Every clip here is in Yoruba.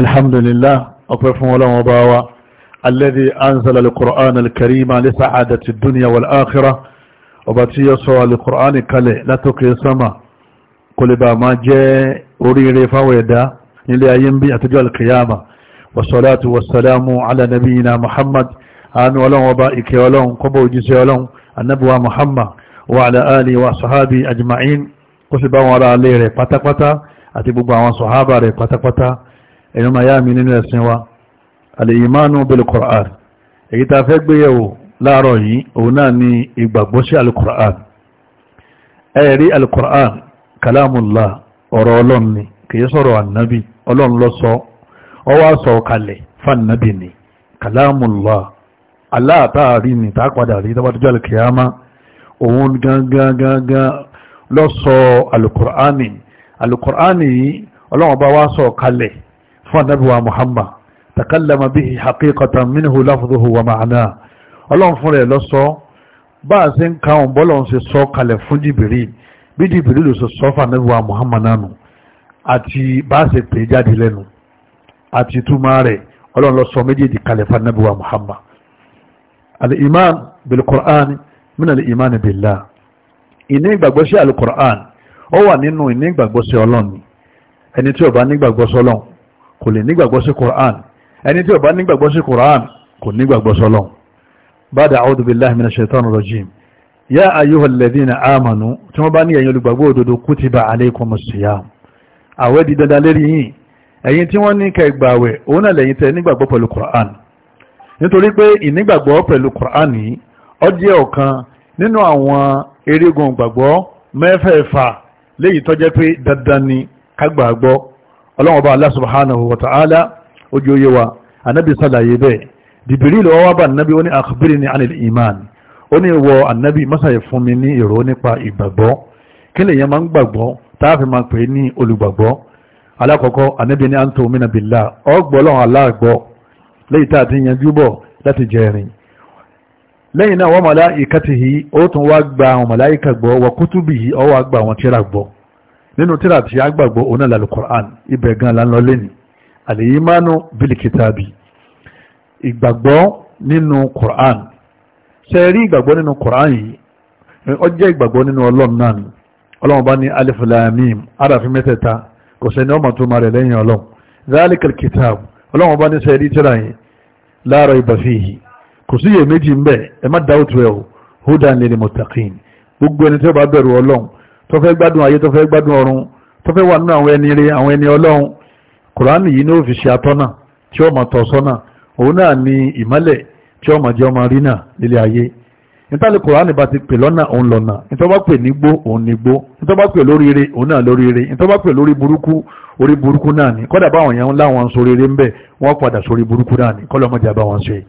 alhamdulillah ọpẹ́ fún Ọlọ́run ọba wa alladhi anzala al-Qur'ana al-Karima li sa'adati ad-dunya wal-akhirah ọba tí yọ sọ al-Qur'ani kalẹ̀ látòkè sama kò lè bá máa jẹ́ oríire fáwọn ẹ̀dá nílé ayé ń bí àtijọ́ al-qiyama wasalaatu wasalaamu ala nabiyina Muhammad àánú Ọlọ́run ọba ìkẹ́ Ọlọ́run kọ́bọ̀ gbogbo àwọn sọ̀hábà rẹ̀ pátápátá èyàn máa yá mi nínú ẹ̀sìn wa al-imanu bil-Qur'an èyí ta fẹ́ gbéyẹ̀wò láàárọ̀ yìí òun náà ni ìgbàgbọ́ sí al-Qur'an ẹ̀rí al-Qur'an kalamullah ọ̀rọ̀ ọlọ́run ni kìí sọ̀rọ̀ ànábì ọlọ́run ló sọ ọ wá sọ kalẹ̀ fànábì ni kalamullah aláàtàrí ni tá a padà rí tọ́wọ́dọ́jọ́ al-kiyama òun gangan gangan sọ al-Qur'ani al-Qur'ani ọlọ́run bá wá sọ kalẹ̀ fọ́nàbí wa muhammad takallama bihi haqiqatan minhu lafzuhu wa ma'ana ọlọ́run fún rẹ̀ lọ́sọ́ bá a ṣe ń káwọn bọ́lọ́run ṣe sọ kalẹ̀ fún jìbìrì bí jìbìrì ló ṣe sọ fọ́nàbí wa muhammad nánu àti bá a ṣe pè jáde lẹ́nu àti túmọ̀ rẹ̀ ọlọ́run lọ́sọ méjèèjì kalẹ̀ fọ́nàbí muhammad al-iman bil-qur'an min al-iman billah ìní ìgbàgbọ́sí al-qur'an ó wà nínú ìní ìgbàgbọ́sí ọlọ́run ẹni tí ó bá nígbàgbọ́sí kò lè nígbàgbọ́ sí Qur'an ẹni tí ó bá nígbàgbọ́ sí Qur'an kò nígbàgbọ́ sọlọ́n bada a'udhu billahi minash shaitanir rajim ya ayyuhal ladhina amanu tí wọ́n bá ní ẹ̀yin olùgbàgbọ́ òdodo kutiba alaykumus siyam àwẹ̀ di dandan lérí yìí ẹ̀yin tí wọ́n ní kẹgbàwẹ̀ òun náà lẹ́yìn tẹ́ nígbàgbọ́ pẹ̀lú Qur'an nítorí pé ìnígbàgbọ́ pẹ̀lú Qur'an ọlọ́wọ́n bá Allah subhanahu wa ta'ala ojú oyé wa anábì sàlàyé bẹ́ẹ̀ Jibril lọ́wọ́ wá bá anábì ó ní akhbirni anil iman ó ní ìwọ anábì mọ́sàyẹ̀ fún mi ní ìró nípa ìgbàgbọ́ kí lèyàn máa ń gbàgbọ́ táàfin máa pè ní olùgbàgbọ́ alákọ̀ọ́kọ́ anábì ní anto mina ọgbọ́ lọ́wọ́ aláàgbọ́ nínú tíra tí a gbàgbọ́ oná lálẹ́ Qur'an ibẹ̀ gan la ń lọ lẹ́ni àlèyímánu bílíkìtàbí ìgbàgbọ́ nínú Qur'an ṣe rí ìgbàgbọ́ nínú Qur'an yìí ó jẹ́ ìgbàgbọ́ nínú ọlọ́run náà ni ọlọ́run bá ní alif lam mim aráàfin mẹ́tẹ̀ẹ̀ta kò sẹ́ni ọmọ tó máa rẹ̀ lẹ́yìn ọlọ́run zalikal kitab ọlọ́run bá ní ṣe rí tíra yìí la rayba kò sí iyèméjì ń bẹ̀ ẹ má dáwọ́tò ẹ̀ o hudan lil muttaqin gbogbo ẹni tí ó bá bẹ̀rù ọlọ́run tó fẹ́ gbádùn ayé tó fẹ́ gbádùn ọ̀run tó fẹ́ wà nínú àwọn ẹni rere àwọn ẹni ọlọ́run kùránì yìí ní òfìsì atọ́nà tí ó mọ̀ tọ̀sọ́nà òun náà ni ìmọ́lẹ̀ tí ó mọ̀ jẹ́ ọmọ rí náà nílé ayé nítorí kùránì bá ti pè lọ́nà òun lọ́nà nítorí bá pè nígbó òun nígbó nítorí bá pè lóríire òun náà lóríire nítorí bá pè lórí burúkú orí burúkú náà ni kọ́dà báwọn yẹn láwọn soríire ń bẹ̀ wọ́n padà sórí burúkú náà ni kọ́lọ́mọjà bá ṣe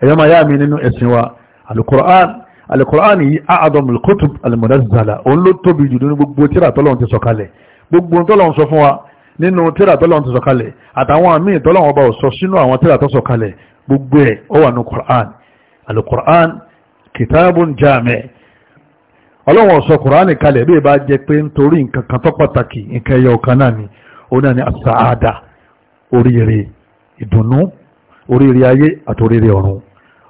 ẹ̀yọ́ yá mi nínú ẹ̀sìn wa alukur'an alukur'an yìí aadọ́mù kótó alimọ̀dásálà òun ló tóbi jù nínú gbogbo tíra tọ́lọ́run ti sọ̀kalẹ̀ gbogbo tọ́lọ́run sọ fún wa nínú tíra tọ́lọ́run ti sọ̀kalẹ̀ àtàwọn àmì tọ́lọ́run ọba ọ̀sọ́ sínú àwọn tíra tó sọ̀kalẹ̀ gbogbo ẹ̀ ó wà ní kur'an alukur'an kìtàbùn jami ọlọ́run ọ̀sọ́ kur'an kalẹ̀ bí ìbá jẹ pé nítorí nǹkan kan tó pàtàkì nǹkan ẹyọ kan náà ni ó náà ni asaada oríire ìdùnnú oríire ayé àti oríire ọ̀run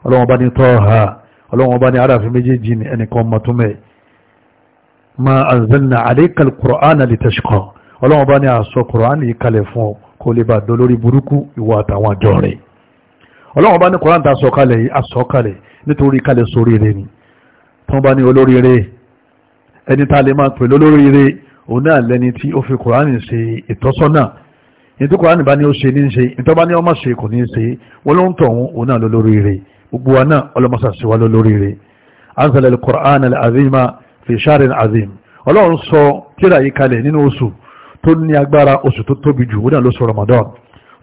ọlọ́run bá ní tọ́ ha ọlọ́wọ́n bá ní aráàfin méjèèjì ní ẹnìkan mọ̀túnmẹ́ ma anzalna alayka al-Qur'ana litashqa ọlọ́wọ́n bá ní àṣọ Qur'an yìí kalẹ̀ fún ọ kó lè bá dolórí burúkú ìwọ àtàwọn àjọ rẹ̀ ọlọ́wọ́n bá ní Qur'an ta sọ kalẹ̀ yìí àṣọ kalẹ̀ nítorí kalẹ̀ sórí rẹ̀ ni tán bá ní olórí rẹ̀ ẹni tá a lè máa pè lólórí rẹ̀ òun náà lẹni tí ó fi Qur'an ṣe ìtọ́sọ́nà ìtú Qur'an bá ní ó ṣe ní ṣe ìtọ́ bá ní ọmọ ṣe kò ní ṣe wọ́n ló ń tọ̀hún gbogbo wa náà ọlọ́mọsà sí wa lórí rẹ̀ anzala al-Qur'an al-azima fi shahrin azim ọlọ́run sọ tíra yìí kalẹ̀ nínú oṣù tó ní agbára oṣù tó tóbi jù ó dà ló sọ Ramadan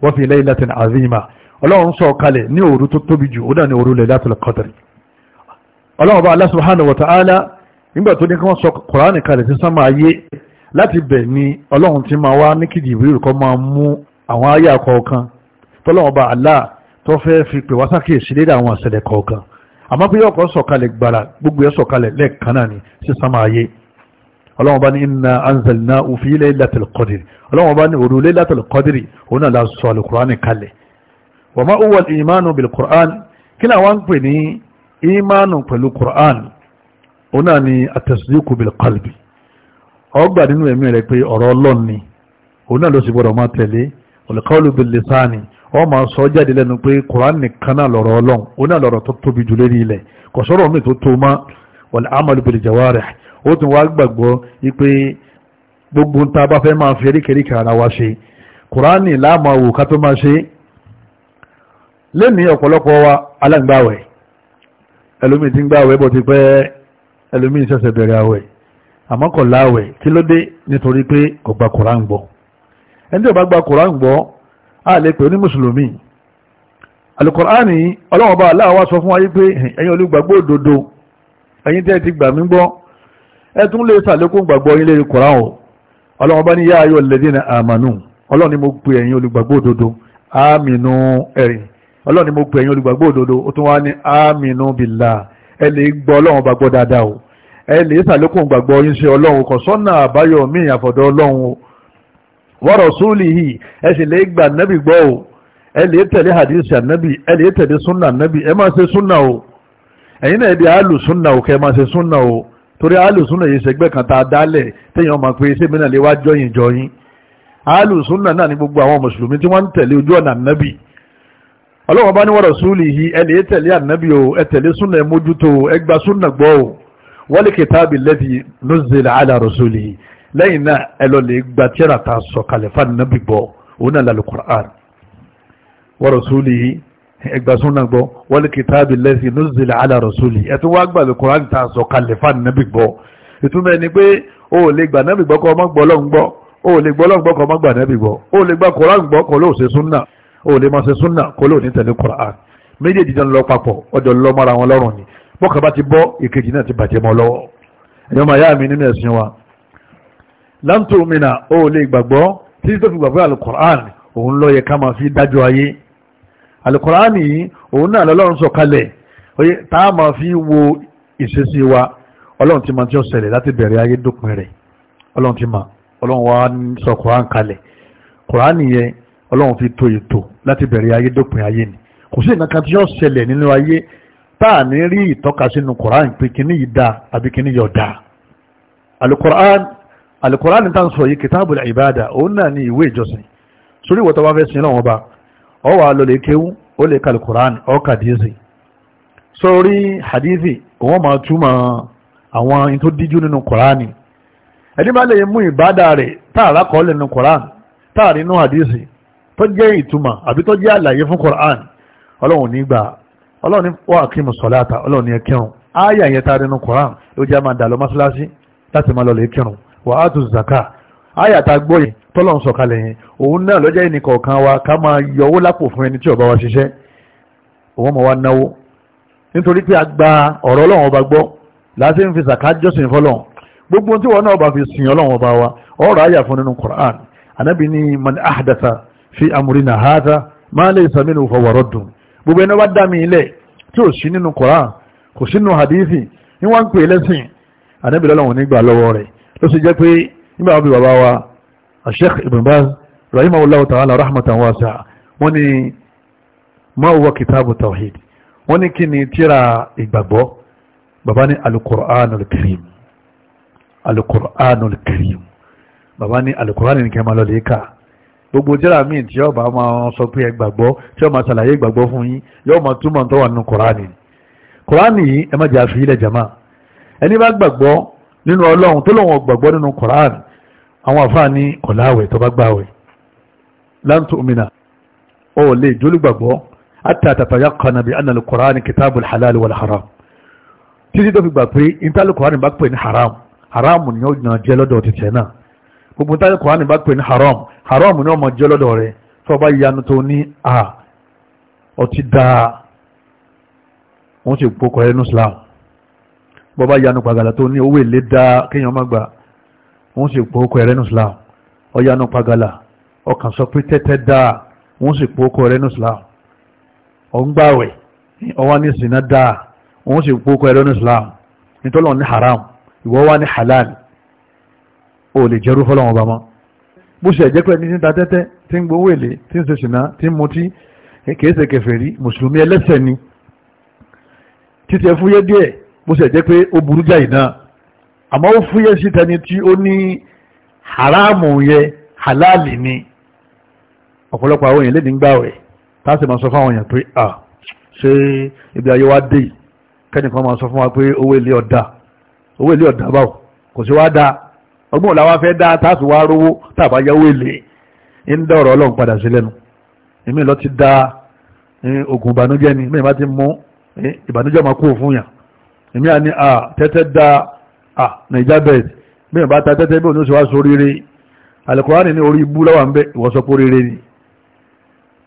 wa fi laylatin azima ọlọ́run sọ kalẹ̀ ní òru tó tóbi jù ó dà ní òru Laylatul Qadr ọlọ́run bá Allah subhanahu wa ta'ala nígbà tó ní kí wọ́n sọ Qur'an kalẹ̀ sí sánmà ayé láti bẹ̀ ni ọlọ́run ti máa wá ní kí Jibril kó máa mú àwọn ayé àkọ́ọ̀kan tọ́lọ́run bá Allah tó fẹ́ fi pè wá sákèsí lédè àwọn àṣẹlẹ̀ kọ̀ọ̀kan àmọ́ bí ọkọ̀ sọ̀kalẹ̀ gbàrà gbogbo ẹ̀ sọ̀kalẹ̀ lẹ́ẹ̀kan náà ni sísánmà ayé ọlọ́wọ́n bá ní inna anzalnahu fi laylatil qadr ọlọ́wọ́n bá ní òru laylatil qadr òun náà la sọ alukur'an kalẹ̀ wa ma huwa al-imanu bil-Qur'an kí náà wọ́n ń pè ní imanu pẹ̀lú Qur'an òun náà ni at-tasdiqu bil ọgbà nínú ẹ̀mí rẹ̀ pé ọ̀rọ̀ Ọlọ́run òun náà ló sì gbọ́dọ̀ máa tẹ̀lé al wọ́n máa sọ jáde lẹ́nu pé koran nìkan náà lọ́rọ̀ ọlọ́run ó náà lọ́rọ̀ tó tóbi jù lérí ilẹ̀ kò sọ̀rọ̀ mi tó tó mọ́ wal amalu bil jawarih ó tún wá gbàgbọ́ wípé gbogbo ta bá fẹ́ máa fi eríkèríkè ara wa ṣe koran la máa wò ká tó máa ṣe lẹ́nìí ọ̀pọ̀lọpọ̀ wa aláǹgbàwẹ̀ ẹlòmíì ti ń gbàwẹ̀ bó ti pẹ́ ẹlòmíì ṣẹ̀ṣẹ̀ bẹ̀rẹ̀ àwẹ̀ àmọ́ kí ló dé nítorí pé kò gba koran gbọ́ ẹni tí ò bá gba koran gbọ́ a lè pè ní mùsùlùmí alukur'ani ọlọ́wọ́n bá aláwọ̀ wá sọ fún wa yí pé ẹ̀yin olùgbàgbọ́ òdodo ẹ̀yin tẹ́ ti gbà mí gbọ́ ẹ tún lè sàlékún gbàgbọ́ yín lérí kùrán o ọlọ́wọ́n bá ní yá ayọ̀ lẹ́dínà àmànù ọlọ́run ni mo pè ẹ̀yin olùgbàgbọ́ òdodo àmìnú ẹ̀rìn ọlọ́run ni mo pè ẹ̀yin olùgbàgbọ́ òdodo wa rasulihi ẹ sì lè gba nábì gbọ́ o ẹ lè tẹ̀lé hadisi ànábì ẹ lè tẹ̀lé súnà ànábì ẹ máa ṣe súnà o ẹ̀yin náà di àlù súnà o kẹ́ máa ṣe súnà o torí àlù súnà yìí ṣẹgbẹ́ kan tá a dálẹ̀ téèyàn máa pe ṣé mìíràn lè wá jọyìn jọyìn àlù súnà náà ni gbogbo àwọn mùsùlùmí tí wọ́n ń tẹ̀lé ojú ọ̀nà ànábì ọlọ́wọ́n bá ní lẹ́yìn náà ẹ lọ lè gba tíra ta sọ kalẹ̀ fún nàbì gbọ́ òun náà lálẹ́ Qur'an wa rasulihi ẹgbà súnà gbọ́ wal kitabi allazi nuzila ala rasulihi ẹ tún wá gbà lè Qur'an ta sọ kalẹ̀ fún nàbì gbọ́ ìtumọ̀ ẹni pé o ò lè gbà nàbì gbọ́ kọ́ ọmọ gbọ́ lọ́n gbọ́ o ò lè gbọ́ lọ́n gbọ́ kọ́ ọmọ gbà nàbì gbọ́ o ò lè gbà Qur'an gbọ́ kọ́ ló ṣe súnà o ò lè máa ṣe súnà kọ́ ló ní tẹ̀lé Qur'an méjèèjì jẹun lọ papọ̀ ọjọ́ lọ́ mọ́ra wọn lọ́rùn ni bọ́kà bá ti bọ́ ìkejì náà ti bàjẹ́ mọ́ lọ́wọ́ ẹ̀yọ́ màá yá mi nínú ẹ̀sìn wa láǹtò mìíràn ó lè gbàgbọ́ tí tó fi gbàgbé alukoran òun ló yẹ ká máa fi dájọ́ ayé alukoran yìí òun náà lọ́lọ́run sọ kalẹ̀ tá a máa fi wo ìṣesí wa ọlọ́run ti máa ti ọ̀sẹ̀lẹ̀ láti bẹ̀rẹ̀ ayé dópin rẹ̀ ọlọ́run ti máa ọlọ́run wa sọ koran kalẹ̀ koran yẹn ọlọ́run fi to ètò láti bẹ̀rẹ̀ ayé dópin ayé ni kò sí nǹkan kan tí yóò ṣẹlẹ̀ nínú ayé tá a ní rí ìtọ́ka sínú koran pé kíní yìí dáa àbí kíní yóò dáa alukoran alukurani tá ń sọ yìí kìtàbù ìbáàdà òun náà ní ìwé ìjọsìn sórí ìwọ̀ta wá fẹ́ sin lọ́wọ́ bá ọ wà lọ lè kéwú ó lè kàlù kurani ọ kàdíyèsí sórí hadithi òun máa túmọ̀ àwọn tó díjú nínú kurani ẹni bá lè mú ìbáàdà rẹ̀ táàrà kọ́ lè nínú kurani táàrí inú hadithi tó jẹ́ ìtumọ̀ àbí tó jẹ́ àlàyé fún kurani ọlọ́run ní ọlọ́run wà kí mùsọ̀láta wà á tún zaka àyà tá a gbọ́ yẹn tọ́lọ̀ ń sọ̀kalẹ̀ yẹn òun náà lọ́jọ́ ẹnì kọ̀ọ̀kan wa ká máa yọwó lápò fún ẹni tí ó bá wa ṣiṣẹ́ òun mọ̀ wá náwó nítorí pé a gba ọ̀rọ̀ ọlọ́run ọba gbọ́ láti ń fi zaka jọ́sìn fọlọ́run gbogbo tí wọn náà bá fi sìn ọlọ́run ọba wa ọ̀rọ̀ àyà fún nínú Qur'an anabi ni man ahdatha fi amurina hadha ma laysa minhu fa waradun gbogbo ẹni wá dá mi ilẹ̀ tí ò sí nínú Qur'an kò sínú hadithi ni wọ́n ń pè lẹ́sìn anabi lọ́lọ́run nígbà lọ́wọ́ rẹ̀ ló sì jẹ́ pé nígbà wọn bí bàbá wa Sheikh Ibn Baz rahimahullahu ta'ala rahmatan wasi'a wọ́n ní ma huwa kitabu tawhid wọ́n ní kí ni tíra ìgbàgbọ́ bàbá ní alukur'anul karim alukur'anul karim bàbá ní alukur'an ní kẹma lọ léka gbogbo tíra míì tí ọba máa sọ pé ẹgbàgbọ́ tí ó máa ṣàlàyé ìgbàgbọ́ fún yín yóò máa ẹni bá gbàgbọ́ nínú ọlọ́run tó lọ́wọ́ gbàgbọ́ nínú Kùránì àwọn àfáà ní kọ̀láwẹ̀ tó bá gbàwẹ̀ láǹtó òmìnà ó lè jólúgbàgbọ́ àti àtàtàyà kan nàbí annal Kùránì kìtàbù halal wal haram títí tó fi gbà pé ìtàlù Kùránì bá pè ní haram haram ni ó yàn jẹ́ lọ́dọ̀ títẹ̀ náà gbogbo ìtàlù Kùránì bá pè ní haram haram ni ó mọ̀ jẹ́ lọ́dọ̀ rẹ̀ tó bá yanu tó ní a ọtí dáa wọ́n ti gbókọ̀ ẹnu Islam bọ́bá yanu pàgàlà tó ní owó èlé dá kéèyàn má gbà wọ́n sì pò ókò ẹ̀rẹ́nu islam ọ̀yanu pàgàlà ọkàn sọ pé tẹ́tẹ́ dá wọ́n sì pò ókò ẹ̀rẹ́nu islam ọ̀ngbàwẹ̀ ọwá ní sinna dá wọ́n sì pò ókò ẹ̀rẹ́nu islam nítorí wọn ní haram ìwọ́ wá ní halal ò lè jẹ́rú fọlọ́wọn bá mọ́ bó ṣe ẹ̀jẹ̀ pé ní ti ta tẹ́tẹ́ tí ń gbowó èlé tí ń ṣe sinna tí ń mutí kèése kèfèrí mùsùlùmí ẹlẹ́sẹ̀ ni títẹ̀ fúyẹ́ díẹ̀ bó ṣe jẹ́ pé ó burú jáì náà àmọ́ ó fúyẹ́ sí tẹni tí ó ní haramu yẹ halali ni ọ̀pọ̀lọpọ̀ àwọn èèyàn lè ní gbàwẹ̀ táàsì máa sọ fún àwọn èèyàn pé à ṣé ibi ayé wa dé kẹ́nìkan máa sọ fún wa pé owó ilé ọ̀dà owó ilé ọ̀dà báwo kò sí wá dáa ọgbọ́n ọ̀la wa fẹ́ dá táàsì wá rówó tàbá yá owó ilé ń dá ọ̀rọ̀ ọlọ́run padà sí lẹ́nu èmi lọ ti da oògùn ìbànújẹ́ ni mẹ́rin bá ti mú ìbànújẹ́ máa kú òfun yàn èmi à ní à tẹ́tẹ́ da à nàìjà bẹ́ẹ̀ bí wọ́n bá ta tẹ́tẹ́ bí wọ́n ti wá sórí rẹ̀ alìkọ́ránì ní orí ibú lọ́wọ́ ń bẹ́ ìwọ̀sọ́pọ̀ rere ni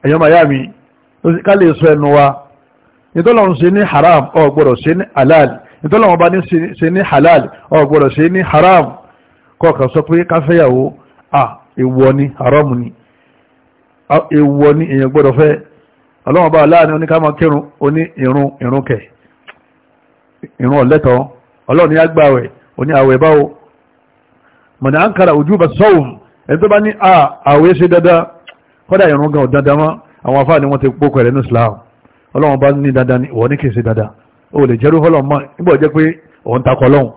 ẹ̀yọ́ màá yá mi ká lè sọ ẹnu wa ìtọ́lọ́run ṣe ní haram ò gbọ́dọ̀ ní halal ìtọ́lọ́run bá ní ṣe ní halal ò gbọ́dọ̀ ṣe ní haram kọ̀ọ̀kan sọ pé káfẹ́yàwó à èwọ̀ ni haram ni èwọ̀ ni èèyàn gbọ́dọ̀ fẹ́ ọlọ́run bá láàrin oníkàmọ́ kírun oní ìrun ìrun kẹ̀ẹ́ ìrún ọ̀lẹ́tọ̀ ọlọ́run ní agbáwẹ̀ oní àwẹ̀ báwo mọ̀nà àǹkàrà ojú bá sọ́wùn ẹni tó bá ní ah, àwẹ̀ ṣe dandan kọ́dà ìrún gan dandan mọ́ àwọn afáà ni wọ́n ti pókọ̀ ẹ̀rẹ́ ní Islam ọlọ́run bá ní dandan ni ìwọ́n ní kìí ṣe dandan o lè jẹ́rú fọlọ́run mọ́ nígbà jẹ́ pé òun takọ̀ lọ́hùn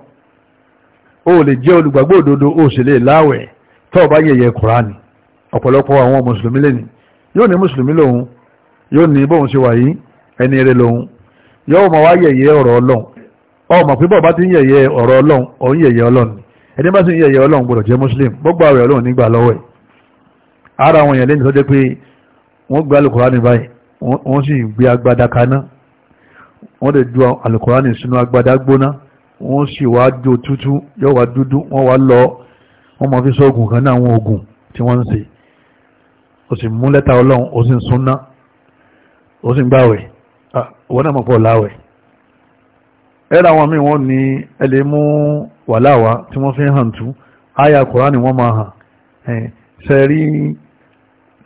o lè jẹ́ olùgbàgbọ́ òdodo o sì lè láwẹ̀ tó bá yẹ̀yẹ̀ Kùránì ọ̀pọ̀lọpọ̀ àwọn mùsùlùmí lẹ́ni yóò ní mùsùlùmí lòun yóò ní bóun ṣe wà yìí ẹni rẹ̀ lòun yóò mọ̀ wá yẹ̀yẹ́ ọ̀rọ̀ ọlọ́run ọmọ pé bọ́ọ̀ bá ti ń yẹ̀yẹ́ ọ̀rọ̀ ọlọ́run òun yẹ̀yẹ́ ọlọ́run ẹni bá sì ń yẹ̀yẹ́ ọlọ́run gbọ́dọ̀ jẹ́ muslim gbogbo àwẹ̀ ọlọ́run nígbà lọ́wọ́ ẹ̀ ara àwọn èèyàn lẹ́yìn tó jẹ́ pé wọ́n gbé alukurani báyìí wọ́n sì gbé agbada kaná wọ́n lè ju alukurani sínú agbada gbóná wọ́n sì wá jó tútú yóò wá dúdú wọ́n wá lọ wọ́n mọ̀ fi sóògùn kan náà àwọn oògùn tí wọ́n ń ṣe ó sì mú lẹ́tà ọlọ́run ó sì ń súnná ó sì ń gbàwẹ̀ Ah, wọ́n náà mọ̀ pọ̀ láwẹ̀ ẹ̀rọ àwọn míì ní ẹlẹ́ mú wàláwà tí wọ́n fi hàn tú àyà ni wọ́n máa hàn ṣe rí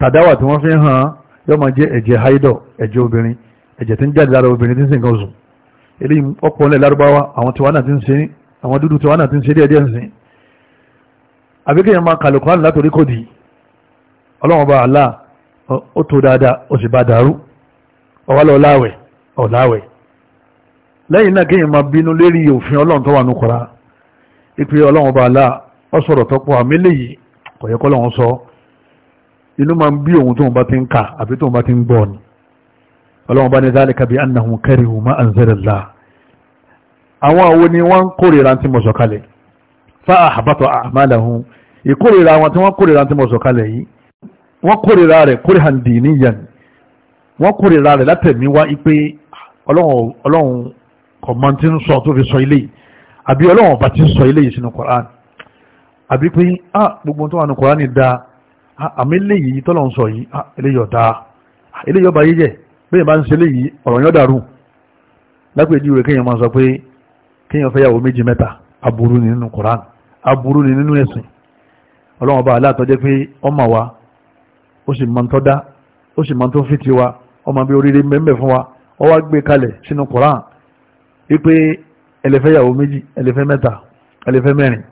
tàdáwà tí wọ́n fi hàn yóò máa jẹ́ ẹ̀jẹ̀ haidọ̀ ẹ̀jẹ̀ obìnrin ẹ̀jẹ̀ tí ń jáde lára obìnrin tí ń ọ̀pọ̀ lárúbáwá àwọn náà ti ọ̀wálọ̀ ọ̀láwẹ̀ ọ̀láwẹ̀ lẹ́yìn náà kéèyàn máa bínú lérí òfin ọlọ́run tó wà ní kọ́ra ìpè ọlọ́run ọba àlá ọ sọ̀rọ̀ tọ́pọ̀ àmì léyìí kò yẹ kọ́lọ́run sọ inú máa ń bí òun tóun bá ti ń kà àbí tóun bá ti ń gbọ́ ni ọlọ́run bá ní zalika bi annahum karihu ma anzalallah àwọn àwọn ni wọ́n ń kórìíra tí mo sọ̀kalẹ̀ fa ahbata a'malahum ìkórìíra àwọn tí wọ́n kórìíra tí mo sọ̀kalẹ̀ yìí wọ́n kórìíra rẹ̀ kórìíra dìníyàn wọ́n kórìíra rẹ̀ látẹ̀mí wá pé ọlọ́run kò mọ tí ń sọ tó fi sọ ilé yìí àbí ọlọ́run bá ti ń sọ ilé yìí sínú koran àbí pé ah gbogbo tó wà ní koran da àmì eléyìí tọ́lọ̀ ń sọ yìí ah eléyìí ọ̀dà eléyìí ọba yíyẹ bẹ́ẹ̀ bá ń ṣe eléyìí ọ̀rọ̀ yóò dàrú lápèjúwe kéèyàn máa sọ pé kéèyàn fẹ́ yàwó méjì mẹ́ta aburú ni nínú koran aburú ni nínú ẹ̀sìn ọlọ́run ọba aláàtọ́jẹ́ pé ọmọ wa ó sì mọ tó dá ó sì mọ tó fi tiwa ọmọ bí oríire mẹ́mẹ́ fún wa wọ́n wá gbé kalẹ̀ sínú koran wípé ẹlẹ́fẹ́ yàwó méjì ẹlẹ́fẹ́ mẹ́ta ẹlẹ́fẹ́ mẹ́rin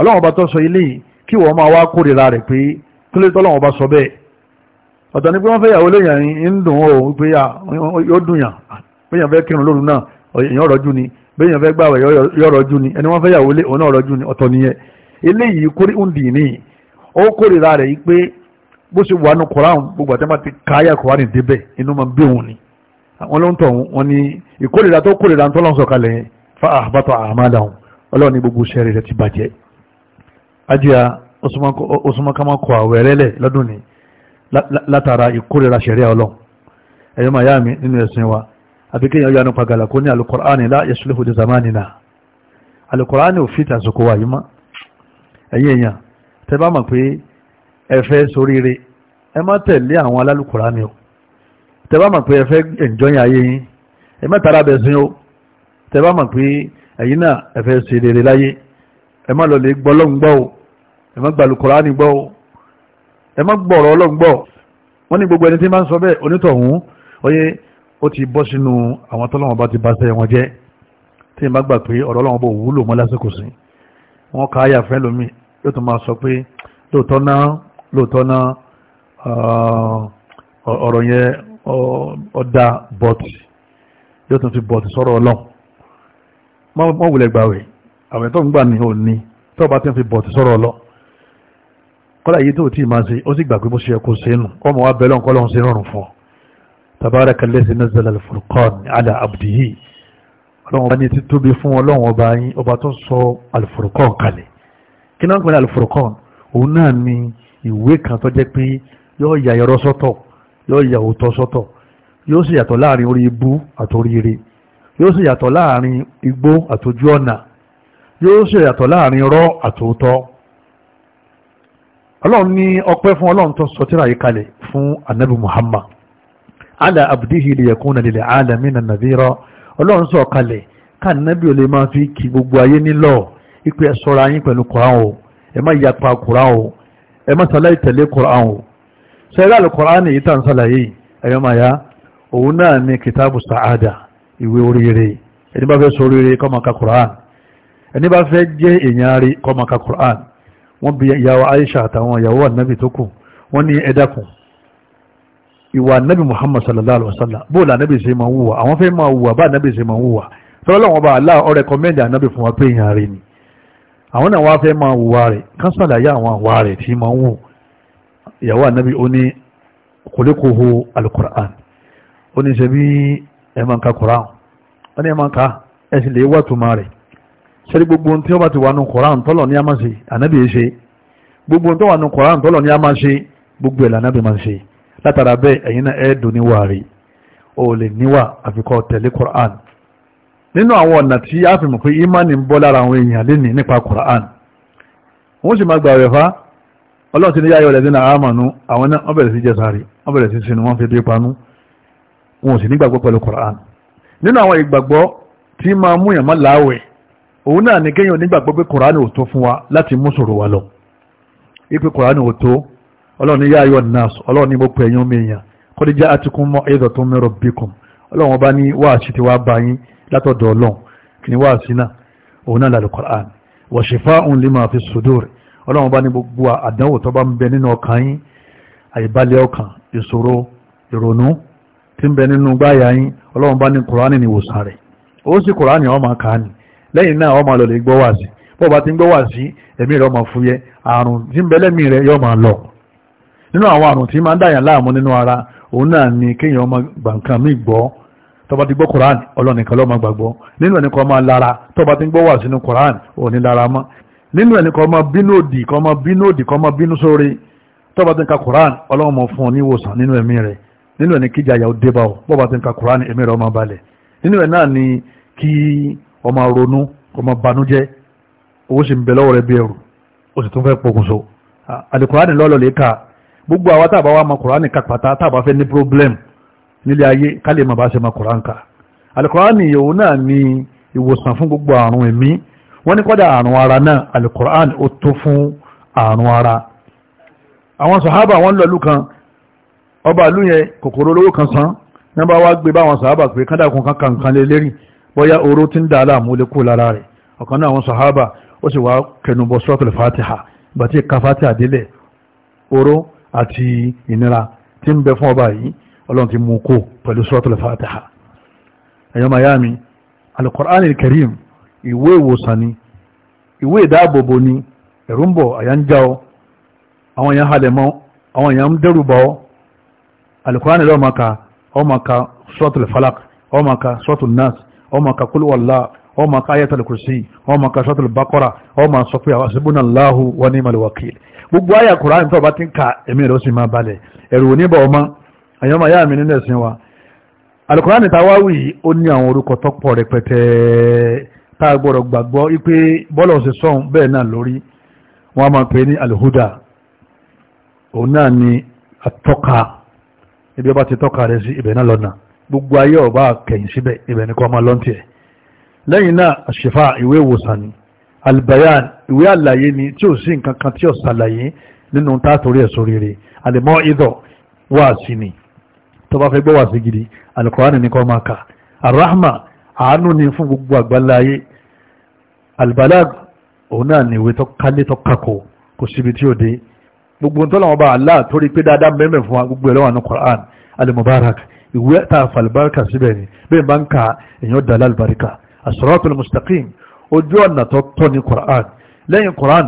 ọlọ́run ọba tó sọ ilé yìí kí wọ́n máa wá kórìíra rẹ̀ pé kílé tọ́lọ́run ọba sọ bẹ́ẹ̀ ọ̀tọ̀ ni pé wọ́n fẹ́ yàwó léyìn ń dùn ó pé yóò dùn yàn béèyàn fẹ́ kírun lóru náà èèyàn rọ́jú ni béèyàn fẹ́ gbàwẹ̀ yóò rọ́jú ni ẹni wọ́n fẹ́ yàwó lé òun náà ni ọ̀tọ̀ nìyẹn eléyìí kórìíra rẹ̀ yìí pé bó ṣe wà ní koran gbogbo àti àmàtí káyà koran débẹ̀ inú ma bí òun ni àwọn ló ń tọ̀ wọn ni ìkórìíra tó kórìíra tó lọ́n sọ̀kalẹ̀ fa àbátọ̀ àmàdàhùn ọlọ́run ní gbogbo ṣẹ́rẹ̀ rẹ̀ ti bàjẹ́ ajíya osùmọ́kámá kọ àwẹ̀ rẹ́lẹ̀ lọ́dún ni látara ìkórìíra ṣẹ̀rẹ̀ ọlọ́run ẹ̀yọ́ màá yá mi nínú ẹ̀sìn wa àfi kéèyàn yanu pàgàlà kó ní alukur'ani lá yasulihu di zamanina alukur'ani ò fi tàṣokò wáyé má ẹ̀yẹ́ èèyàn tẹ́ bá mọ̀ pé ẹ̀fẹ́ soríire ẹ má tẹ̀lé àwọn alálùkùrá ni o tẹ́bá mọ̀ pé ẹ̀fẹ́ ẹ̀njọ́yìn ayé yín ẹ má tara bẹ̀ sin o tẹ́bá mọ̀ pé ẹ̀yin náà ẹ̀fẹ́ soríire láyé ẹ má lọlé gbọ́ lọ́n gbọ́ o ẹ má gbàlùkùrá ni gbọ́ o ẹ má gbọ̀rọ̀ lọ́n gbọ́ wọ́n ní gbogbo ẹni tí máa ń sọ bẹ́ẹ̀ onítọ̀hún oyè ó ti bọ́ sínú àwọn tọ́lọ́wọ́n bá ti bá sẹ́yìn wọn jẹ́ tí n gbà pé ọ̀rọ̀ ọlọ́wọ́n bò wúlò mọ́ lásìkò sí wọn kà á yà fẹ́ lómi yóò tún máa sọ pé lóòótọ́ náà lóòótọ́ náà uh, ọ̀rọ̀ yẹn ọ̀dà bọ́ọ̀tì yóò tún fi bọ́ọ̀tì sọ̀rọ̀ ọlọ́run mọ́ wulẹ̀ gbàwẹ̀ àwẹ̀ tó ń gbà ní òní tó bá ti ń fi bọ́ọ̀tì sọ̀rọ̀ ọlọ́run kọ́lá yìí tó tí máa ṣe ó sì gbà pé bó ṣe ẹkùn sí inú ọmọ wa bẹ̀rẹ̀ ọ̀kọ́ lọ́hún sí rọrùn fún ọ tabaraka allazi nazzala al-furqan ala abdihi ọlọ́run ọba ní ti tóbi fún ọlọ́run ọba yín ọba tó sọ al kalẹ̀ kí náà ń pè ní òun náà ni ìwé kan tó jẹ́ pé yóò ya ẹ̀rọ sọ́tọ̀ yóò ya òótọ́ sọ́tọ̀ yóò sì yàtọ̀ láàrin orí ibú àtòríire yóò sì yàtọ̀ láàrin igbó àtòjú ọ̀nà yóò sì yàtọ̀ láàrin rọ́ àtòótọ́ ọlọ́run ní ọpẹ́ fún ọlọ́run tó sọ tírà yìí kalẹ̀ fún anabi muhammad ala abdihi liyakuna lil alamina nadhira ọlọ́run sọ kalẹ̀ ká nábì ò lè máa fi kí gbogbo ayé nílọ̀ ìpè ẹ ṣọ́ra yín pẹ̀lú kùrán o ẹ má yapa kùrán o ẹ má sàlàyé tẹ̀lé Qur'an o sẹ́yìn àlè Qur'an yìí tàn sàlàyé ẹ̀yọ́ máa yá òun náà ni kìtàbù sàádà ìwé oríire ẹni bá fẹ́ sọ oríire kó máa ka Qur'an ẹni bá fẹ́ jẹ́ èèyàn rí kó máa ka Qur'an wọ́n bi ìyàwó Aisha àtàwọn ìyàwó ànábì tó kù wọ́n ní ẹ dákun ìwà ànábì Muhammad sallallahu alaihi wasallam bóòlù àwọn náà wá fẹ́ máa wùwà rẹ̀ kán sàlàyé àwọn àwà rẹ̀ tí ma ń wù ìyàwó ànábì ó ní kòlékòho alukur'an ó ní ṣe bí ẹ̀mọ̀nká koran ó ní ẹ̀mọ̀nká ẹ̀sìn lè wà túmọ̀ rẹ̀ ṣẹ́rí gbogbo tí wọ́n bá ti wà nù koran tọ́lọ̀ ní a máa ṣe ànábì yìí ṣe gbogbo tó wà nù koran tọ́lọ̀ ní a máa ṣe gbogbo ẹ̀ lànábì máa ṣe látara bẹ́ẹ̀ ẹ̀yin náà ẹ̀ dùn níwà rẹ̀ ó lè níwà àfikọ́ tẹ̀lé koran nínú àwọn ọ̀nà tí a fi mọ̀ pé imani ń bọ́ lára àwọn èèyàn lè ní nípa Qur'an wọ́n sì máa gbà rẹ̀fá ọlọ́run ti ní yáyọ̀ rẹ̀ dínà àmànú àwọn náà wọ́n bẹ̀rẹ̀ sí jẹsàárì wọ́n bẹ̀rẹ̀ sí sinú wọ́n fi bí panú wọn sì nígbàgbọ́ pẹ̀lú Qur'an nínú àwọn ìgbàgbọ́ tí máa mú yàn má láwẹ̀ òun náà ni kéèyàn nígbàgbọ́ pé Qur'an ò tó fún wa láti mú sòrò wa lọ ipe Qur'an ò tó ọlọ́run ní yáyọ̀ nas ọlọ́run ní mo pè yín omi èèyàn kọ́díjà àtikún mọ́ ẹ̀dọ̀ tó mẹ́rọ̀ bíkùn ọlọ́run ọba ní wàásù ti wá bá látọ̀dọ̀ ọlọ́run kí ni wá sí òun náà lálùkọ̀rán wa shifa'un lima fi sudur ọlọ́run bá ní gbogbo àdánwò tó bá ń bẹ nínú ọkàn yín àìbalẹ̀ ọkàn ìṣòro ìrònú tí ń bẹ nínú gbáyà yín ọlọ́run bá ní kùránì ní ìwòsàn rẹ̀ ó sì kùránì ó máa kà á ní lẹ́yìn náà ó máa lọ lè gbọ́ wà sí bó bá ti ń gbọ́ wà sí ẹ̀mí rẹ̀ ó fúyẹ́ àrùn tí ń bẹ lẹ́mí rẹ̀ yóò máa lọ nínú àwọn àrùn tí máa ń dàyàn láàmú nínú ara òun náà ni kéèyàn ó máa gbà gbọ́ tọba ti gbọ́ koran ọlọ́run nìkan ló máa gbàgbọ́ nínú ẹni kan máa lára tọba ti gbọ́ wà sínú koran òní lára mọ́ nínú ẹni kan máa bínú òdì kan máa bínú òdì kan máa bínú sórí tọba ti ka koran ọlọ́run máa fún ọ ní ìwòsàn nínú ẹ̀mí rẹ̀ nínú ẹni kíjà yà ó dé bá ọ bọ́ba ti ka koran ẹ̀mí rẹ̀ ó balẹ̀ nínú ẹ̀ náà ni kí ó ronú ó máa owó sì ń bẹ lọ́wọ́ rẹ̀ bí ẹrù ó sì tún fẹ́ pokùnso àlùkùránì lọ́lọ́ lè ka gbogbo àwa táàbá wa mọ kùránì kápátá táàbá fẹ́ ní problem nílé ayé kálẹ̀ màbá ṣe máa kùrán ká alìkùránì yòówù náà ni ìwòsàn fún gbogbo àrùn ẹ̀mí wọ́n ní kọ́dà àrùn ara náà alìkùránì ó tó fún àrùn ara àwọn sàhábà wọ́n lọ lúkan ọba ìlú yẹn kòkòrò olówó kan san ní bá wá gbé báwọn sàhábà pé kádàkùn kan kankan lé lérí bóyá oró tí ń dà láàmú lè kú lára rẹ̀ ọ̀kan náà àwọn sàhábà ó sì wá kẹnubọ sọ́tòlù fatiha ìgbà tí ka fatiha délẹ̀ oró àti ìnira tí ń bẹ fún ọba yìí ọlọ́run ti mú kó pẹ̀lú suratul fatiha ẹ̀yọ́ miami alukur'an al-karim ìwé ìwòsàn ni ìwé ìdáàbòbò ni ẹ̀rú ń bọ̀ àyà ń já ọ àwọn èèyàn halẹ̀ mọ́ àwọn èèyàn ń dẹ́rù bọ́ alukur'an ló máa ka ó máa ka suratul falak ó máa ka suratul nas ó máa ka kul wallah ó máa ka ayatul kursi àyànmọ́ ayá mi nínú ẹ̀sìn wa alukurani tawawi yìí ó ní àwọn orúkọ tó pọ̀ rẹpẹtẹ tá a gbọ́dọ̀ gbàgbọ́ wípé bọ́lá ọ̀sẹ̀ sọ̀hún bẹ́ẹ̀ náà lórí wọ́n máa pè ní alhuda òun náà ni atọ́ka ibi ọba ti tọ́ka rẹ̀ sí ibẹ̀ náà lọ́nà gbogbo ayé ọba kẹ̀yìn síbẹ̀ ibẹ̀ ní kọ́ máa lọ́ntì ẹ̀ lẹ́yìn náà àṣìfà ìwé ìwòsàn ni albayan ìwé àlàyé ni tí ò sí nǹkan kan tí ò ṣàlàyé nínú táàtòrí ẹ̀ sóríire àlèmọ́ ìdọ̀ wáàsí ni tó bá fẹ́ gbọ́ wà sí gidi alukurani ní kọ́ máa kà arahma àánú ni fún gbogbo àgbáláyé albalag òun náà ni ìwé tó kálé tó kakò kò síbi tí ó dé gbogbo tó làwọn bá Allah torí pé dáadáa mẹ́mẹ́ fún wa gbogbo ẹ̀ lọ́wọ́ ní Qur'an alimubarak ìwé tá a síbẹ̀ ni bẹ́ẹ̀ bá ń ka èèyàn dàlá alibarika asratul mustaqim ojú ọ̀nà tó tọ́ ní Qur'an lẹ́yìn Qur'an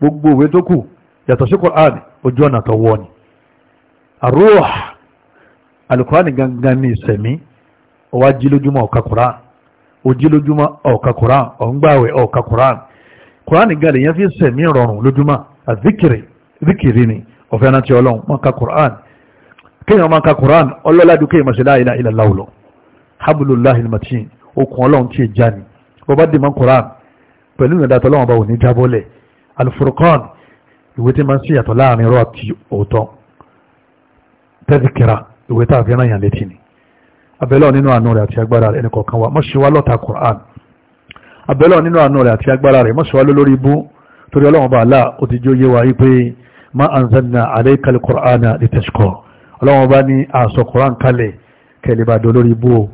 gbogbo ìwé tó kù yàtọ̀ sí Qur'an ojú ọ̀nà tó wọ́ ni. àrùwà alukurani gangan ni ìsẹ̀mí ọwá jí lójúmọ́ ọ̀ka kuran ojí lójúmọ́ ọ̀ka kuran ọ̀ngbàwẹ̀ ọ̀ka kuran kurani gan lèyàn fi sẹ̀mí rọrùn lójúmọ́ àzíkìrì zíkìrì ni ọ̀fẹ́ náà ti ọlọ́run máa ka kuran kéèyàn máa ka kuran ọlọ́lá dúkẹ́ ìmọ̀sẹ̀ la ilaha illallah lọ hablullahi almatin okùn ọlọ́run tí ì já ni bọ́bá dì mọ́ kuran pẹ̀lú ìrìnàdàtọ̀ ọlọ́run ọba ò ní jábọ́lẹ̀ ìwé tá a fi ràn yàn létí ni abẹ́lẹ́ nínú àánú rẹ̀ àti agbára rẹ̀ ẹnìkọ̀ọ̀kan wa mọ̀ṣíwá lọ́ta Qur'an abẹ́lẹ́ nínú àánú rẹ̀ àti agbára rẹ̀ mọ̀ṣíwá lórí ibú torí ọlọ́run bá aláà ó ti jó yé wa wípé ma anzalna alayka al-Qur'ana litashqa ọlọ́run bá ní àṣọ Qur'an kalẹ̀ kẹlẹ́bà di olórí ibú o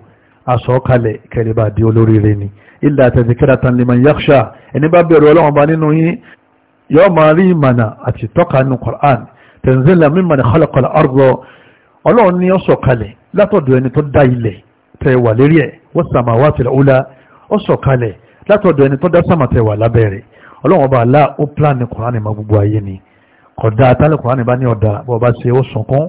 àṣọ kalẹ̀ kẹlẹ́bà di olórí rẹ̀ ni illa tadhkiratan liman yakhsha ẹni bá bẹ̀rù ọlọ́run bá nínú yín yóò máa rí ìmọ̀nà àti tọ́ka nínú Qur'an tanzila mimman khalaqa al-arda ọlọ́run ní ọ̀sọ̀ kalẹ̀ látọ̀dọ̀ ẹni tó dá ilẹ̀ tẹ̀ wà lérí ẹ̀ wọ́n sàmà wá tẹ̀lé ọ̀la ọ̀sọ̀ kalẹ̀ látọ̀dọ̀ ẹni tó dá sàmà tẹ̀ wà lábẹ́ ọlọ́run ọba àlá ó pílánì kùránì ma gbogbo ayé ni kódà àtàlẹ̀ kùránì bá ní ọ̀dà bọ́ọ̀bá ṣe ó sọ̀kún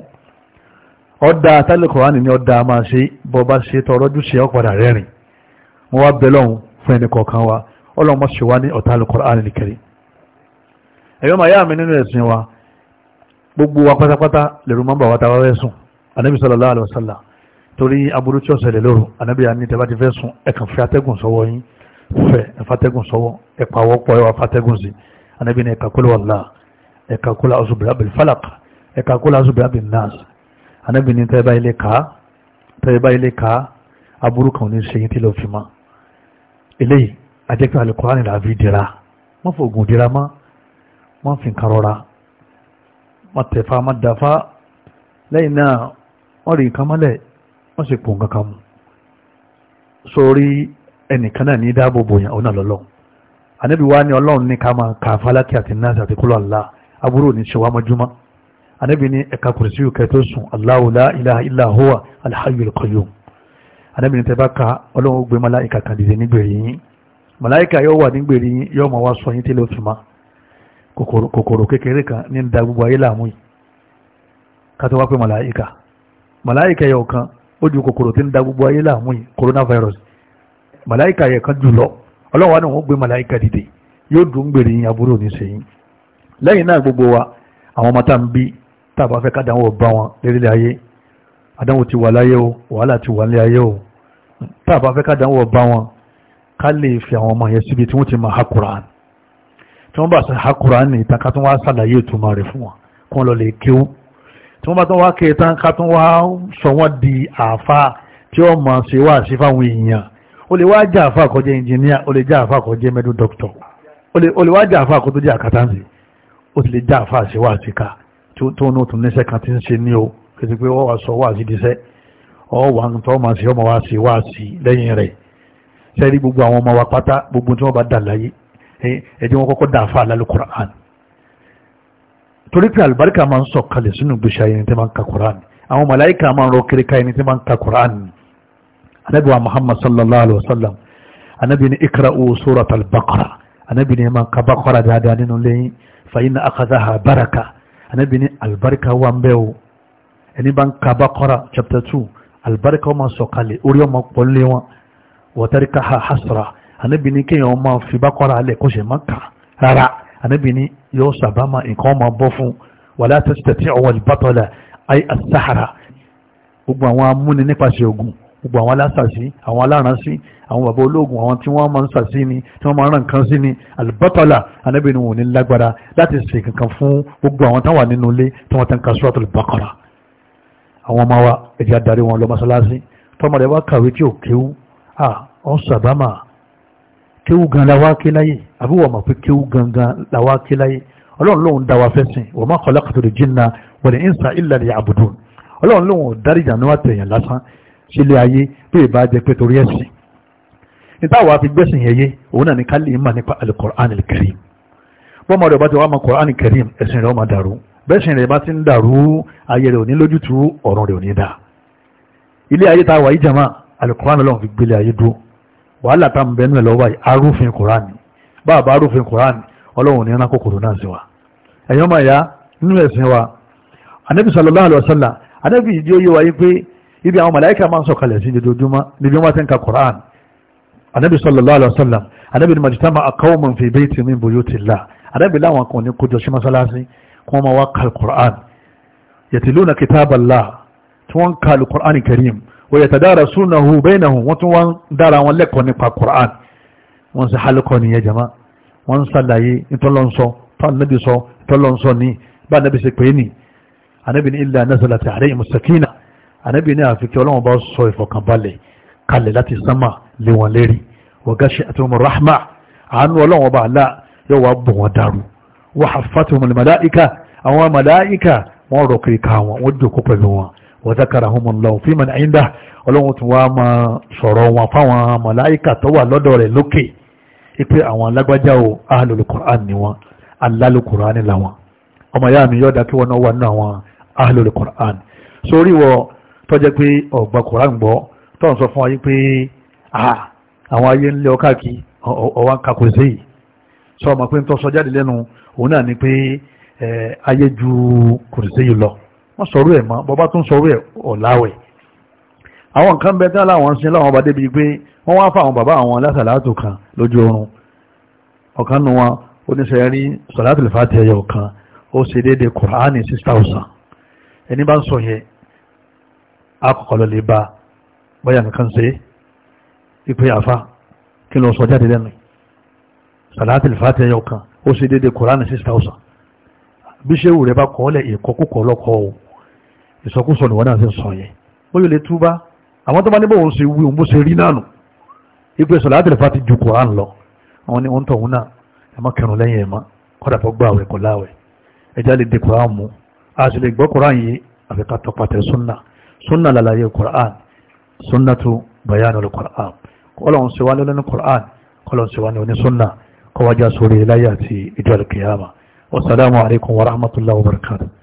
ọ̀dà àtàlẹ̀ kùránì ní ọ̀dà máa ṣe bọ́ọ̀bá ṣe tọrọ́jú ṣe ọ̀padà rẹ́rìn wọ́n wá bẹ lọ́hùn fún ẹnì kọ̀ọ̀kan wa ọlọ́run mọ̀ ṣe wá ní ọ̀tàlẹ̀ kùránì nìkẹ́rì ẹ̀yọ́ màá yá mi nínú ẹ̀sìn wa wa pátápátá lèrú mọ́ bà wá fẹ́ sùn anabi sallallahu alayhi wa sallam torí aburú tí ó ṣẹlẹ̀ lóru anabi àní tẹ́ bá ti fẹ́ sùn ẹ̀kan fi atẹ́gùn sọ́wọ́ yín fẹ́ ẹ̀fàtẹ́gùn sọ́wọ́ ẹ̀pàwọ́ pọ̀ ẹ̀wà fàtẹ́gùn sí anabi ní ẹ̀kakúlù wàlá ẹ̀kakúlù azubira bil falak ẹ̀kakúlù azubira bil nas anabi ní tẹ́ bá ilé ká tẹ́ bá ilé ká aburú kan ní ṣe yín tí ló fi ma eléyìí adẹ́kẹ́ alukurani la fi dira wọ́n fò ògùn dira ma wọ́n fi nǹkan rọra wọ́n tẹ̀fà má dafa lẹ́yìn náà wọ́n rí nǹkan mọ́lẹ̀ wọ́n sì pò nǹkan kan mu sórí ẹnìkan náà ní dáàbò bòyàn ọ̀nà lọ́lọ́run ànábì wa ni ọlọ́run ní ká máa ka fálákì àti náàsì àti kúlọ̀ àlá aburú ní ṣe wá mọ́júmọ́ ànábì ní ẹ̀ka kùrìsí òkè tó sùn Allahu la ilaha illa huwa al-hayyul ní tẹ́bá ka ọlọ́run gbé màláìka kan dìde nígbèrè yín màláìka yóò wà nígbèrè yín yóò máa wá sọ yín tẹ́lẹ̀ òfin ma kòkòrò kékeré kan ní da gbogbo ayé láàmú yìí ká tó wá pé màláìka màláìka yẹ ọ̀kan ó ju kòkòrò tí ń da gbogbo ayé láàmú yìí coronavirus màláìka yẹ kan jùlọ ọlọ́wọ́ náà wọ́n gbé màláìka dìde yóò dùn gbèrè yín aburú ní sẹ́yìn lẹ́yìn náà gbogbo wa àwọn ọmọ tá ń bí tá a bá fẹ́ kádàwọ̀ bá wọn lérílẹ̀ ayé àdánwò ti wà láyé o wàhálà ti wà láyé o tá a bá fẹ́ kádàwọ̀ bá wọn ká lè fi àwọn ọmọ yẹn síbi tí wọ́n ti máa ha Qur'an tí wọ́n bá sọ ha Qur'an ní ìtàkà tí wọ́n á sàlàyé ìtumọ̀ rẹ̀ fún wọn kí wọ́n lọ lè kéwú tí wọ́n bá tún wá kéré tán ká tún wá sọ wọ́n di àáfà tí ó mọ̀ ṣe wá sí fáwọn èèyàn ó lè wá jẹ́ àáfà kó jẹ́ engineer lè jẹ́ àáfà kó jẹ́ medical doctor ó lè wá jẹ́ àáfà kó tó jẹ́ àkàtàǹsì ó ti lè jẹ́ àáfà ṣe wá sí ká tó ní òtún níṣẹ́ kan ti ń ṣe ní o kò sí pé wọ́n wá sọ wá sí diṣẹ́ ọ wà ń tọ́ máa ṣe ọmọ wá sí wá sí lẹ́yìn rẹ̀ sẹ́rí gbogbo àwọn ọmọ wa pátá gbogbo tí wọ́n bá dà láyé ẹ̀jẹ̀ wọn kọ́kọ́ dà àáfà lálùkùránì torí pé àlùbáríkà máa ń sọ kalẹ̀ sínú gbèsè ayé ẹni tí máa ń ka Quran àwọn màláìka máa ń rọ kiri ka ẹni tí máa ń ka Quran anabi wa Muhammad sallallahu alaihi wa sallam anabi ni ikra'u surat al-Baqara anabi ni máa ka Baqara dáadáa nínú lẹ́yìn fa inna baraka anabi ni àlùbáríkà wà ń bẹ́ o ẹni bá ń ka Baqara chapter two àlùbáríkà wọn máa sọ orí wọn máa pọ̀ lé wọn wa tarikaha hasra anabi ni kéèyàn máa fi Baqara alẹ́ kó ṣe máa kà rárá anabi ni yóò sàbámà nǹkan ọmọ bọ́ fún wàlá àtẹ̀sítẹ̀tì ọwọ́ ìbátọ́lá ayé àsáhàrà gbogbo àwọn amúni nípasẹ̀ ogun gbogbo àwọn alásàsí àwọn aláransí àwọn bàbá ológun àwọn tí wọ́n máa ń sàsí ni tí wọ́n máa ń ràn kan sí ni albatala anábìnrin wọn ní lágbára láti ṣe kankan fún gbogbo àwọn táwọn nínú ilé tí wọ́n ti ń ka suratul Baqara àwọn ọmọ wa ẹ̀jẹ̀ adarí wọn lọ mọ́sálásí tọ́mọ kàwé tí ò kéwú à ọ̀n sàbámà kéwú gan la wá ké láyé àbí wọ́n mọ̀ pé kéwú gangan la wá ké láyé ọlọ́run lóun dá wa fẹ́ sìn wa ma khalaqtul jinna wal insa illa liya'budun ọlọ́run lóun dáríjà ní wà tẹ̀yàn lásán sílé ayé pé ìbá jẹ pé torí ẹ̀sìn níta wàá fi gbẹ́sìn yẹn yé òun náà ní ká lè mà nípa al-Qur'an al-Karim bọ́mọ rẹ̀ bá ti wá mọ Qur'an al ẹ̀sìn rẹ̀ ọmọ dàrú bẹ́sìn rẹ̀ bá ti ń dàrú ayé rẹ̀ ò ní lójútùú ọ̀run rẹ̀ ò ní dá ilé ayé ta wà yí jama al-Qur'an fi gbélé ayé dúró wàhálà tá ń bẹnu ẹ̀ lọ́wọ́ báyìí arúfin kùránì báàbá arúfin kùránì ọlọ́run ní ránkó kòrò náà sí wa ẹ̀yọ́ máa yá nínú ẹ̀sìn wa anábì sallallahu alaihi wasallam anábì ìdí oyé wa yí pé ibi àwọn màláíkà máa ń sọ̀kalẹ̀ sí dojoojúmọ́ níbi wọ́n ti ń ka kùránì anábì sallallahu alaihi wasallam anábì ní majtama'a qawmun fi baytin min buyutillah anábì láwọn kan ní kójọ sí mọ́sálásí kí wọ́n máa wá kal wọ́n ويتدارسونه بينهم وتوان دارا ولكن نقرأ القرآن wọ́n sì hálùkọ́ ní ẹjàmá wọ́n ń sàlàyé ìtọ́lọ́nsọ tọ́nàbí sọ tọ́lọ́nsọ ní bá nàbí ṣe pé ní anábì ní ilẹ̀ anásọ̀lá ti àárẹ̀ ìmùsàkínà anábì ní àfikẹ́ ọlọ́run bá sọ ìfọ̀kànbalẹ̀ kalẹ̀ láti sánmà lé wọn lérí wọ̀gáṣẹ́ àti wọn wọ́dákarahumullahu fi man inda ọlọ́run tí wọ́n máa sọ̀rọ̀ wọn fáwọn màláìkà tó wà lọ́dọ̀ rẹ̀ lókè ipe àwọn alágbájá o ahlul Qur'an ni wọn ahlul Qur'an ni làwọn ọmọ ìyá mi yọ̀dá kí wọ́n náà wà nínú àwọn ahlul Qur'an sórí wọ tọ́jẹ́ pé ọ̀gbà Qur'an gbọ́ tọ́n sọ fún wa yí pé àwọn ayé ń lé ọ káàkiri ọwọ́ kakò sí yìí sọ ma pé ń tọ́ sọ jáde lẹ́nu òun náà ni pé ayé ju kùrìsí yìí lọ wọ́n sọ̀rọ̀ ẹ̀ mọ́ bọ́bá tún sọ̀rọ̀ ẹ̀ ọ̀láwẹ̀ àwọn nǹkan bẹ́ẹ̀ tán láwọn sin láwọn ọba débi pé wọ́n wá fáwọn bàbá àwọn lásàlátù kan lójú oorun ọ̀kan nu wọn oníṣẹ́ rí sọ̀látù lìfàtì ẹyọ kan ó ṣe déédéé kùránì six thousand ẹni bá ń sọ yẹ akọ̀kọ̀ lọ lè ba bọ́yà nìkan ṣe ìpè àfa kí ló sọ jáde lẹ́nu sọ̀látù lìfàtì ẹyọ kan ó ṣe déédéé kùránì six thousand bí ṣé wù rẹ bá kọ́ ọ́ lẹ̀ èkó ọlọ́kọ́ o ìsọkúsọ ni wọ́n náà ṣe sọ yẹn bóyá lè túbá àwọn tó bá ní bó ń ṣe wí òun bó ṣe rí náà nù ipò ìsọ̀lá àtẹ̀lẹ́fà ti ju koran lọ àwọn ni wọ́n tọ̀ òun náà ẹ̀ má kẹrùn lẹ́yìn ẹ̀ má kọ́dà tó gbà àwẹ̀ kọ́ láwẹ̀ ẹja lè di koran mu a sì lè gbọ́ koran yìí àfi ká tọpatẹ sunna sunna lalaye koran sunna tó bayan olè koran kọ́lọ̀ ń ṣe wá lọ́lẹ́ ní koran kọ́lọ̀ ń ṣe wá ní oní sunna kọ́wájà sórí iláyà àti ìjọ alkiyama wasalaamu alaykum wa rahmatullahi wa barakatuh